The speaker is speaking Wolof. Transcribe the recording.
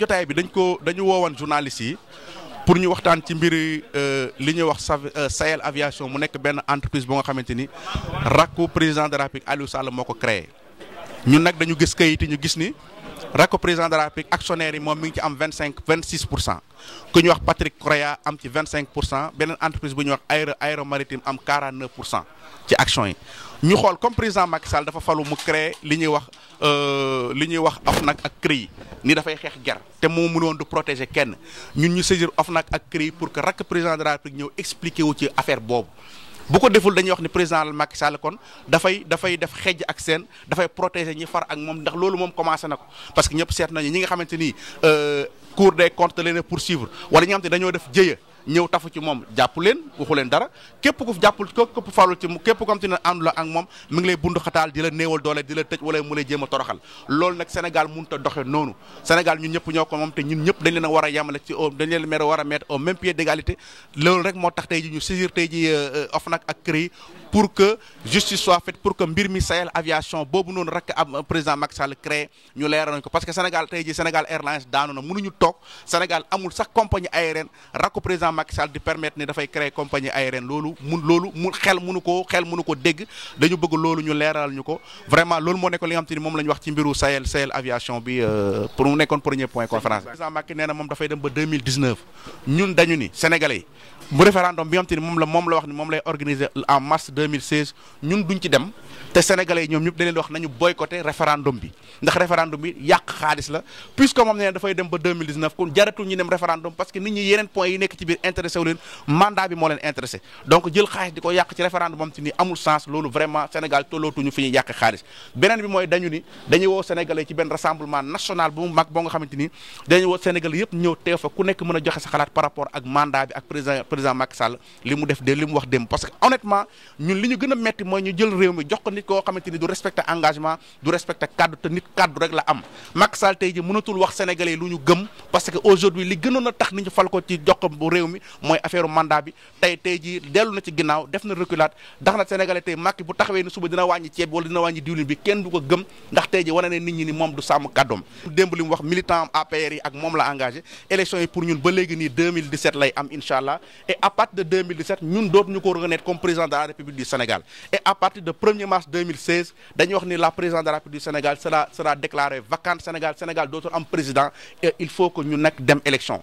jotaay bi dañ ko dañu woowoon journalistes yi pour ñu waxtaan ci mbiri euh, li ñuy wax euh, Sahel aviation mu nekk benn entreprise boo nga xamante ni rakku président de la République Aliou Sall moo ko créé ñun nag dañu gis kayit yi ñu gis ni rakku président de la République actionnaire yi moom mi ngi ci am vingt cinq vingt six pour cent ku ñuy wax Patrick Correa am ci vingt cinq pour cent beneen entreprise bu ñuy wax aéro aéro maritime am quarante neuf pour cent ci action yi ñu xool comme président Macky Sall dafa falu mu li ñuy wax. Euh, li ñuy wax OFNAC ak CREI ni dafay xeex ger te moo mënu woon du protégé kenn ñun ñu saisir OFNAC ak CREI pour que rakk président de la ñëw expliqué wu ci affaire boobu. bu ko deful dañuy wax ni président la Macky Sall kon dafay dafay def xeej ak seen dafay protéger ñi far ak moom ndax loolu moom commencé na ko parce que ñëpp seet nañu ñi nga xamante ni euh, Cour des comptes leen pour poursuivre wala ñi nga xam te dañoo def jëye. ñëw tafu ci moom jàpp leen waxu leen dara képp ko jàppul ko képp falul ci képp kom am ci ne àndu la ak moom mi ngi lay bund xataal di la néewal doole di la tëj wala mu lay jéem a toroxal loolu nag Sénégal mënut a doxe noonu Sénégal ñun ñëpp ñoo ko moom te ñun ñëpp dañ leen a war a yemale o dañ leen mer war a mettre au même pied d'égalité loolu rek moo tax tey ji ñu saisir tey ji euh, euh, OFNAC ak CREI pour que justice soit faite pour que mbir mi Sahel aviation boobu noonu rek am président Macky Sall créé ñu leeral nañ ko parce que Sénégal tey jii Sénégal Airlines daanu na mënuñu amul sax compagnie aérienne rakku président Macky Sall di permettre ni dafay créer compagnie aérienne loolu mun xel mënu ko xel mënu ko dégg dañu bëgg loolu ñu leeral ñu ko vraiment loolu moo nekkoon li nga xam moom la ñu wax ci mbiru Sahel Sahel aviation bi euh, pour nekkoon premier point conférence. président Macky nee moom dafay ni 2016 ñun duñ ci dem te sénégalais ñoom ñëpp dañ leen wax nañu boycotté référendum bi ndax référendum bi yàq xaalis la puisque moom nee dafay dem ba 2019 kon jaratul ñu fi ñuy yàq xaalis beneen bi mooy dañu ni dañuy woo sénégalais ci benn rassemblement national bu mu boo nga xamante ni dañuy woo sénégalais yëpp ñëw teew fa ku nekk mën a joxe sa xalaat par rapport ak mandat bi ak président président Macky Sall li mu def de li mu ñun li ñu gën a metti mooy ñu jël réew mi jox nit koo xamante ni du respecté engagement du respecté kaddu te nit kaddu rek la am Macky Sall tey ji mënatul wax sénégalais lu ñu gëm parce que aujourd'hui li gënoon a tax nit ñu fal réew mi mooy affaire mandat bi tey tey ji dellu na ci ginnaaw def na reculade ndax na sénégalais tey Macky bu taxawee ni suba dina wàññi ceeb wala dina wàññi diwlin bi kenn du gëm ndax tey ji wane ne nit ñi ni moom du Sénégal et à partir de 1er mars 2016 dañuy wax ni la présidence de la République du Sénégal sera vacante Sénégal Sénégal dootul am président et il faut que ñu nag dem élection